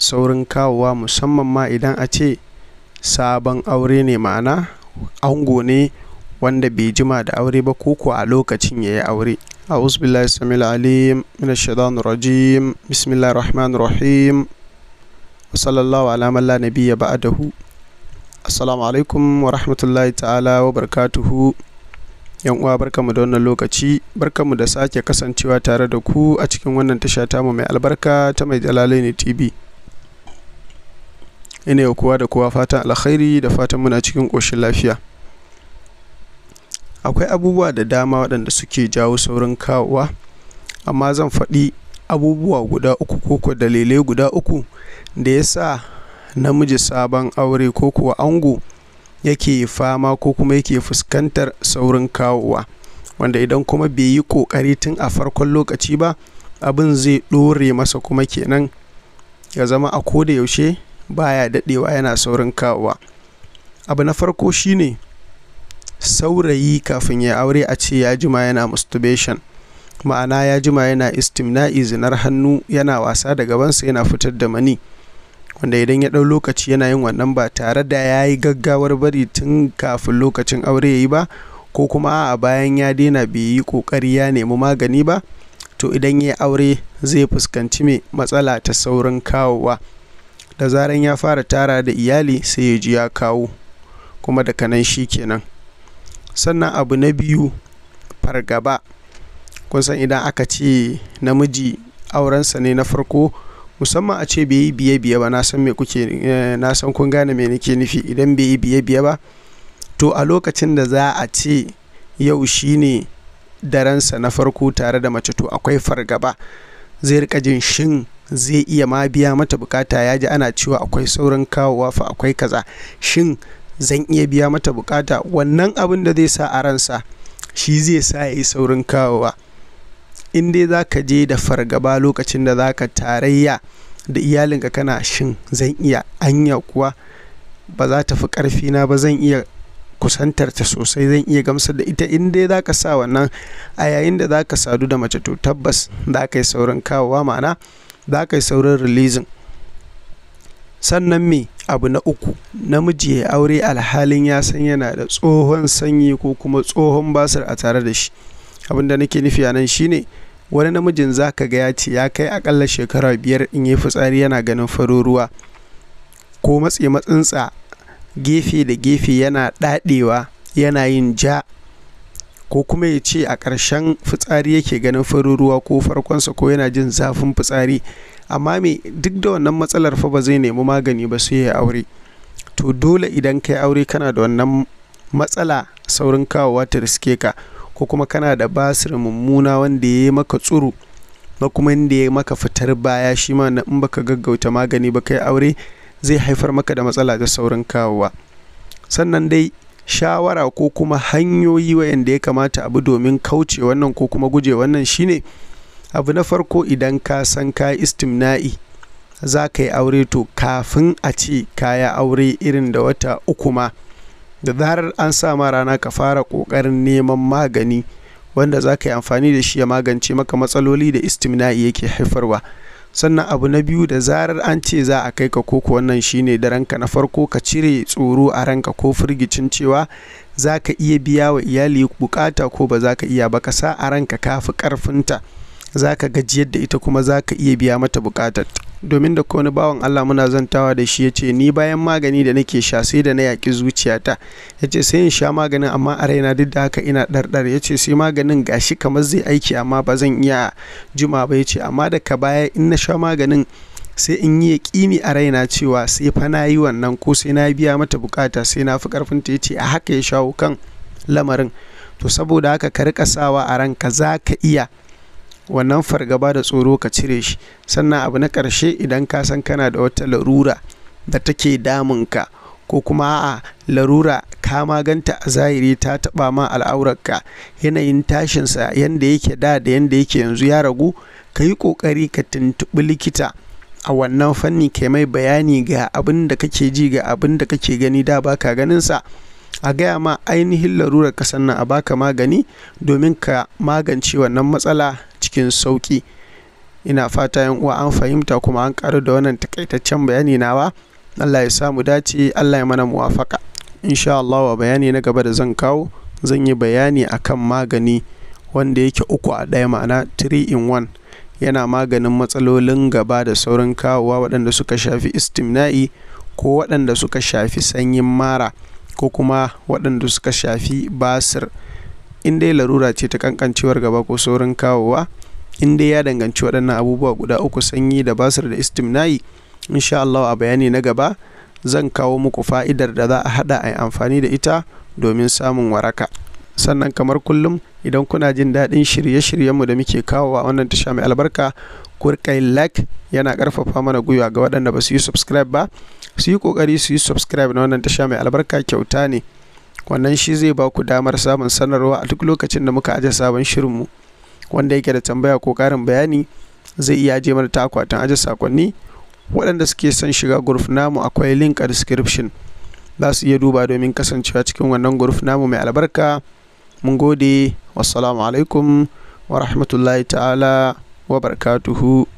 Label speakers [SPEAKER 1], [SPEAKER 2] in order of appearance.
[SPEAKER 1] saurin kawowa musamman ma idan a ce sabon aure ne ma'ana ango ne wanda bai jima da aure ba ko a lokacin ya yi aure أعوذ بالله السميع alim من shaidan rajim بسم الله rahim الرحيم وصلى na على من لا نبي بعده السلام wa ورحمة ta'ala wa barkatuhu yan uwa barkamu da wannan lokaci barkamu da sake kasancewa tare da ku a cikin wannan tasha tamu mai albarka ta mai jalalaini tv ina yau kowa da kowa fatan alkhairi da fatan muna cikin ƙoshin lafiya akwai abubuwa da dama waɗanda suke jawo saurin kawowa amma zan faɗi abubuwa guda uku ko dalilai guda uku da ya sa namiji sabon aure ko kuwa ango yake fama ko kuma yake fuskantar saurin kawowa wanda idan kuma bai yi ƙoƙari tun a farkon lokaci ba abin zai ɗore masa kuma kenan ya zama a koda yaushe baya daɗewa yana saurin kawowa abu na farko shine saurayi kafin ya aure a ce ya jima yana masturbation ma'ana ya jima yana istimna'i zinar hannu yana wasa da gabansa yana fitar da mani wanda idan ya ɗau lokaci yana yin wannan ba tare da ya yi gaggawar bari tun kafin lokacin aure ya yi ba ko kuma a bayan ya daina bai yi kokari ya nemi magani ba to idan ya aure zai fuskanci mai matsala ta saurin kawowa da zaran ya fara tara da iyali sai ya ji ya kawo kuma daga nan shi kenan sannan abu na biyu fargaba kun san idan aka ce namiji aurensa ne na farko musamman a ce bai yi biye biye ba eh, na san kun gane mai nake nufi idan bai yi biye biye ba to a lokacin da za a ce yau shi ne daransa na farko tare da mace to akwai fargaba zai rika jin shin zai iya ma biya mata bukata ya ji ana cewa akwai sauran kawowa fa akwai kaza shin zan iya biya mata bukata wannan abin da zai sa a ransa shi zai sa ya yi saurin kawowa in dai za ka je da fargaba lokacin da za ka tarayya da iyalinka kana shin zan iya anya kuwa ba za ta fi na ba zan iya kusantar ta sosai zan iya gamsar da ita in dai za ka sa wannan a yayin da za ka sadu da mace to tabbas za ka yi saurin kawowa ma'ana za ka yi saurin releasing sannan me abu na uku namiji ya aure alhalin ya san yana da tsohon sanyi ko kuma tsohon basir a tare da shi abin da nake nufi a nan shine wani namijin za ka ga ya ce ya kai akalla shekara biyar in yi fitsari yana ganin faro ko matse matsinsa gefe da gefe yana dadewa yana yin ja ko kuma ya ce a ƙarshen fitsari yake ganin farin ruwa ko farkonsa ko yana jin zafin fitsari amma me duk da wannan matsalar fa ba zai nemi magani ba sai ya aure to dole idan kai aure kana da wannan matsala saurin kawowa ta riske ka ko kuma kana da basir mummuna wanda ya yi maka tsuru na kuma inda ya yi maka fitar baya shi ma in baka gaggauta magani ba kai aure zai haifar maka da matsala ta saurin kawowa sannan dai shawara ko kuma hanyoyi wayanda ya kamata abu domin kauce wannan ko kuma guje wannan shine abu na farko idan ka san ka istimna'i za ka yi aure to kafin a ce kaya aure irin da wata uku ma da zarar an sa ma rana ka fara kokarin neman magani wanda za ka yi amfani da shi ya magance maka matsaloli da istimna'i yake haifarwa sannan abu na biyu da zarar an ce za a kai ka koko wannan shine da ranka na farko ka cire tsoro a ranka ko firgicin cewa za ka iya biya wa iyali bukata ko ba za ka iya ba ka sa a ranka kafi karfinta za ka gajiyar da ita kuma za ka iya biya mata buƙatar domin da wani bawan Allah muna zantawa da shi ya ce ni bayan magani da nake sha sai da na yaƙi zuciyata ya ce sai in sha maganin amma a raina duk da haka ina ɗarɗar ya ce sai maganin gashi kamar zai aiki amma ba zan iya juma ba ya ce amma daga baya in na sha maganin sai in yi yaƙini a raina cewa sai fa na yi wannan ko sai na biya mata bukata sai na fi ƙarfin ta ya ce a haka ya shawo kan lamarin to saboda haka ka rika sawa a ranka za ka iya wannan fargaba da tsoro ka cire shi sannan abu na ƙarshe idan ka san kana da wata larura da take ka ko kuma a larura ka maganta a zahiri ta taɓa ma al'aurarka yanayin tashinsa yanda yake da da yanda yake yanzu ya ragu ka yi ƙoƙari ka tuntuɓi likita a wannan fanni kai mai bayani ga abin da kake ji ga abin da kake gani da baka ganinsa ganin sa a gaya ma ainihin larurar ƙasar nan a baka magani domin ka magance wannan matsala cikin sauki ina fata yan uwa an fahimta kuma an ƙaru da wannan takaitaccen bayani nawa Allah ya samu dace Allah ya mana muwafaka insha Allah wa bayani na gaba da zan kawo zan yi bayani akan magani wanda yake uku a ɗaya ma'ana 3 in 1 yana maganin matsalolin gaba da saurin kawowa waɗanda suka shafi istimna'i ko waɗanda suka shafi sanyin mara ko kuma waɗanda suka shafi basir in dai larura ce ta kankancewar gaba ko saurin kawowa in dai ya danganci waɗannan abubuwa guda uku sanyi da basir da istimna'i insha Allah a bayani na gaba zan kawo muku fa'idar da za a haɗa a yi amfani da ita domin samun waraka sannan kamar kullum idan kuna jin daɗin shirye-shiryenmu da muke kawowa wannan tasha mai albarka ku like yana karfafa mana gwiwa ga waɗanda ba su yi subscribe ba su yi kokari su yi subscribe na wannan tasha mai albarka kyauta ne wannan shi zai ba ku damar samun sanarwa a duk lokacin da muka aje sabon shirinmu wanda yake da tambaya ko karin bayani zai iya je mana ta akwatin aje sakonni waɗanda suke son shiga group namu akwai link a description za su iya duba domin kasancewa cikin wannan group namu mai albarka mun gode wassalamu alaikum wa rahmatullahi ta'ala wa